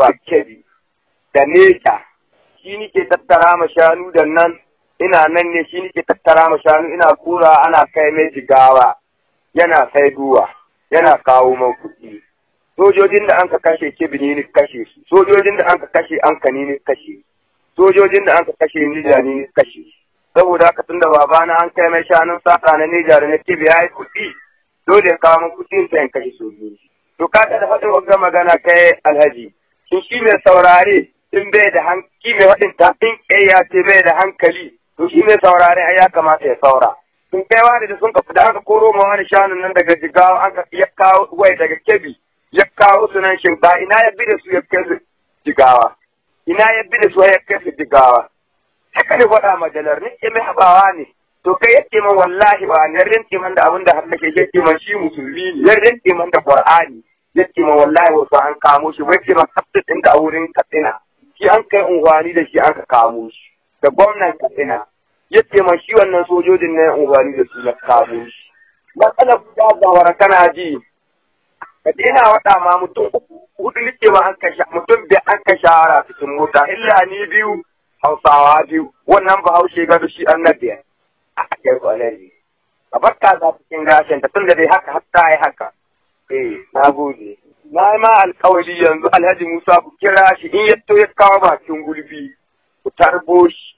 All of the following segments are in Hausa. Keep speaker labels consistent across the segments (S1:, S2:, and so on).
S1: Wa kebi da nesa shi nike tattara ma shanu da nan ina nan ne shi nike tattara ma shanu ina kura ana kai mai jigawa yana sai duwa yana kawo man kuɗi sojojin da anka kashe kebi ne ni kashe su sojojin da anka kashe anka ne ni kashe sojojin da anka kashe ni ne ni kashe saboda haka tunda babana an kai mai shanun sata na nija da na kebi ya yi kuɗi dole ya kawo kudi kuɗi sai in kashe sojoji to ka da faɗin wata magana kai alhaji to shi mai saurare in bai da hankali mai waɗinta in ya ce bai da hankali to shi mai saurare ai ya kamata ya saura sun kai wani da sun kafa da aka koro ma wani shanun nan daga jigawa an ya kawo wai daga kebi ya kawo su nan ba ina ya bi da su ya kai su jigawa ina ya bi da su ya kai su jigawa haka ne faɗa majalar ni ke mai habawa ne to kai yake man wallahi ba, ne rinke man da abin da har nake yake man shi musulmi ne rinke man da qur'ani yake ce ma wallahi wasu an kamo shi wai ce ma sabta ɗin da wurin katsina shi an kai unguwani da shi an ka kamo shi da gwamnan katsina ya ce ma shi wannan sojojin na unguwani da su na kamo shi matsalar ba gawara kana ji ka daina waɗa ma mutum uku hudu nike ma an kashe mutum bai an kashe hara cikin mota illa ni biyu hausawa biyu wannan bahaushe gado shi an na biyar a kai kwalari a barka za cikin gashin ta tun da dai haka har ta yi haka E, na gode. Na yi ma alkawari yanzu Alhaji Musa ku kira shi in ya ya kawo bakin gulbi ku tarbo shi.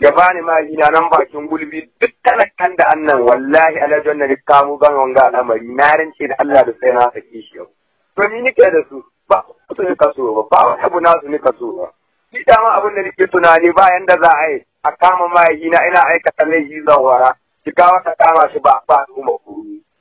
S1: Ya bani mali na nan bakin gulbi duk talakan da annan wallahi Alhaji wannan ya kamu ban wanga al'amari na rance da Allah da sai na sake shi yau. To ni nike da su ba su ne kaso ba ba wani abu nasu ne kaso ba. Ni dama abin da nike tunani bayan da za a yi a kama yi, na ina aikata laifi zawara. Ki kawo ka kama shi ba ba al'umma ku.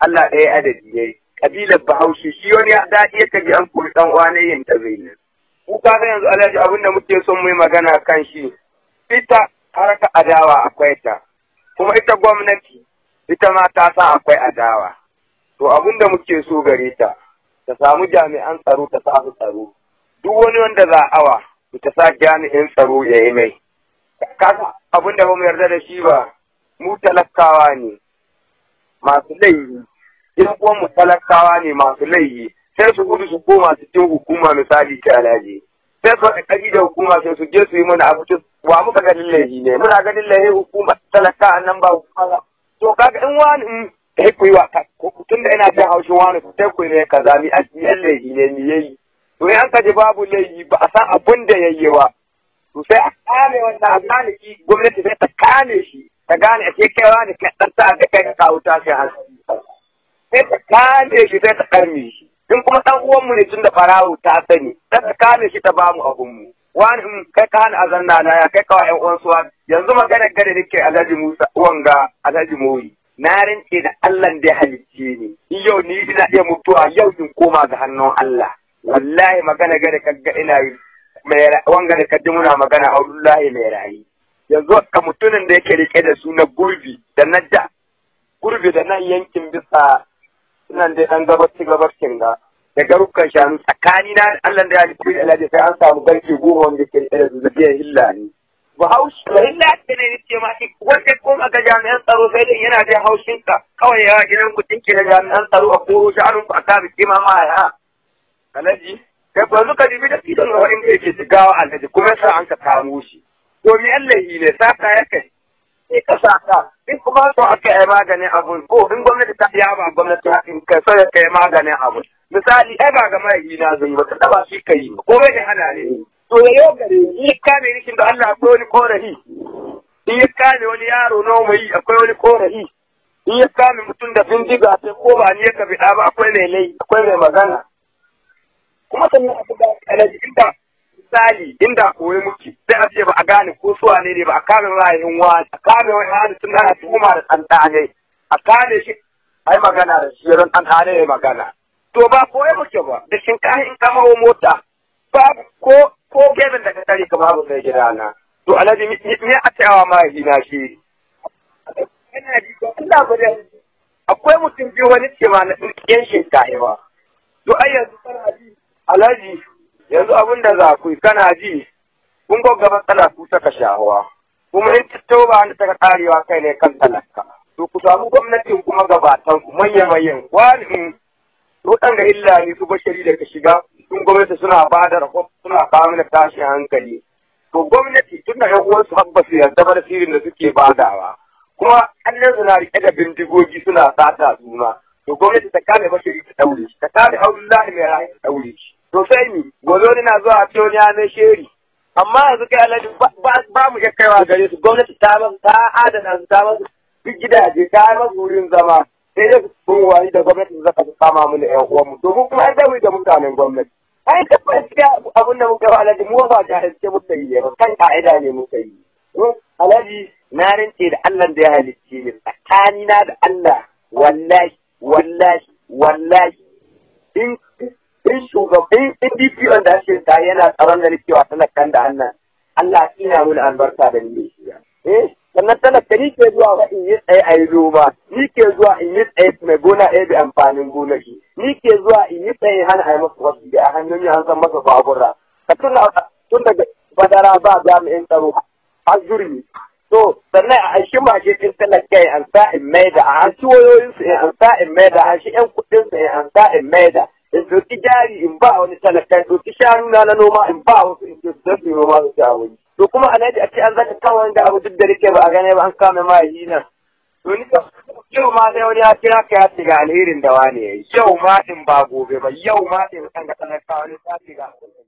S1: Allah ɗaya adadi ya yi ƙabilar bahaushe shi wani da iya ka ji an ɗan uwa na yin tazaini ku ka yanzu alhaji abin da muke son mai magana kan shi ita harka adawa akwai ta kuma ita gwamnati ita ma ta sa akwai adawa to abin da muke so gare ta ta samu jami'an tsaro ta sa su tsaro duk wani wanda za awa ta sa jami'in tsaro ya yi mai kasa abin da ba mu yarda da shi ba mu talakawa ne masu laifi in kuwa mu ne masu laifi sai su gudu su koma cikin hukuma misali ta alaji sai su haɗa da hukuma sai su je su yi mana abu wa muka ganin laifi ne muna ganin laifi hukuma talaka nan ba hukuma ba to kaga in wani in sai ku yi wa tun da yana jin haushin wani sai ku ne ka zami a cikin laifi ne ni ya yi to in ka ji babu laifi ba a san abin da yayi ba to sai a kame wannan a gane shi gwamnati sai ta kame shi ta gane a ke kai wani kai ɗan sa'a kai ka kawo tashin hasi sai ta kame shi sai ta karme shi in kuma dan uwan mu ne tun da farawo ta sani sai ta kame shi ta bamu abun mu wani in kai ka hana azanna na ya kai kawai ƴan uwan suwa yanzu magana gare nake Alhaji Musa wanga Alhaji Mowi. na rinke da Allah da halicce ni yau ni ina iya mutuwa yau in koma ga hannun Allah wallahi magana gare ga ina yi wanga da kaji muna magana Abdullahi mai rayu yanzu ka mutumin da yake rike da suna gurbi da na da gurbi da nan yankin bisa sunan dai dan ci gabar ga da garukan shanu tsakani na Allah da ya ji da Allah sai an samu garke goma wanda ke da zuciya illa ne ba haushi ba illa ce ne yake ma ki wanda kuma ga jami'an tsaro sai dai yana da haushin ka kawai ya gidan mutum ke da jami'an tsaro a koro shanun ka aka bi ma ma ha alaji kai ba zuka dibi da idan wa inda yake shigawa alaji kuma sai an ka kamo shi to me Allah ne saka ya kai sai ka sa ka in kuma so aka yi maganin abun ko in gwamnati ta yi ba gwamnati hakin ka so ka yi maganin abun misali ai ba ga mai na zai ba ka ba shi ka yi ko bai da hana ne to ya yau gare ni kame rikin da Allah akwai wani korafi in ya kame wani yaro na mai akwai wani korafi in ya kame mutum da bindiga sai ko ba ni ya kabi ba akwai mai lai akwai mai magana kuma sannan abu da alaji inda misali inda koyi muke sai a ce ba a gane ko su ne ne ba a kame ra'ayin wani a kame wani tun ana tuhuma da ɗan ne a kame shi a yi magana da shi yaron an hane ya magana to ba koyi muke ba da shinkahi in kama wa mota babu ko ko gemin daga ka tare ka babu gida na to alhaji me a awa ma na shi ina akwai mutum biyu wani ce ma na shinkahi ba to ai yanzu alhaji yanzu abin da za ku kana ji kun gogga matsala ku saka shahuwa kuma in tattauba da ta karewa kai ne kan talaka to ku samu gwamnatin kuma gabatan ku manyan manyan wani ga illa ne su bashari daga shiga kun gwamnati suna ba da rahoton suna kawo da tashin hankali to gwamnati tun da yan uwansu habba su yarda da sirrin da suke badawa kuma kallon suna riƙe da bindigogi suna sata suna to gwamnati ta kame bashari ta ɗaure shi ta kame aulillahi mai rayu ta ɗaure shi Rufaimi, Golori na zuwa ni na Sheri. Amma yanzu kai alhaji ba mu wa gare su gwamnati ta ba ta adana su ta ba duk gidaje ta ba wurin zama. Sai dai su wani da gwamnati za ka kama mu da ƴan uwanmu domin kuma an dawo da mutanen gwamnati. Ai da gaskiya abin da muka yi alaji mu ba ga haske muka yi ba kan ka'ida ne muka yi. na rince da Allah da ya halicce ni tsakanina da Allah wallahi wallahi wallahi in in shugaban in DPO da shi ta yana tsaron da nake wa talakan da hannun Allah ina mun albarka da ni shi eh sannan talaka ni ke zuwa ba in yi tsaye a yi ba ni ke zuwa in yi tsaye mai gona ɗaya da amfanin gona shi ni ke zuwa in yi tsaye hana a yi masa wasu da a hannun ya san masa babura ka tuna tun daga badara ba jami'in tsaro har zurmi to sannan a shi ma shi cin talaka ya an sa in maida a hanci wayoyinsu ya an sa in maida a shi 'yan kuɗinsu ya an sa in maida in doki jari in ba wani talaka in doki shanu na na noma in ba wasu in doki don su noma su ci to kuma alhaji a ce an zaka kawo wanda abu duk da rike ba a gane ba an kame ma yi nan to ni yau ma sai wani ya kira ka ya ce ga alherin da wani yau ma in ba gobe ba yau ma in kan ga kawo wani ya ce ga alherin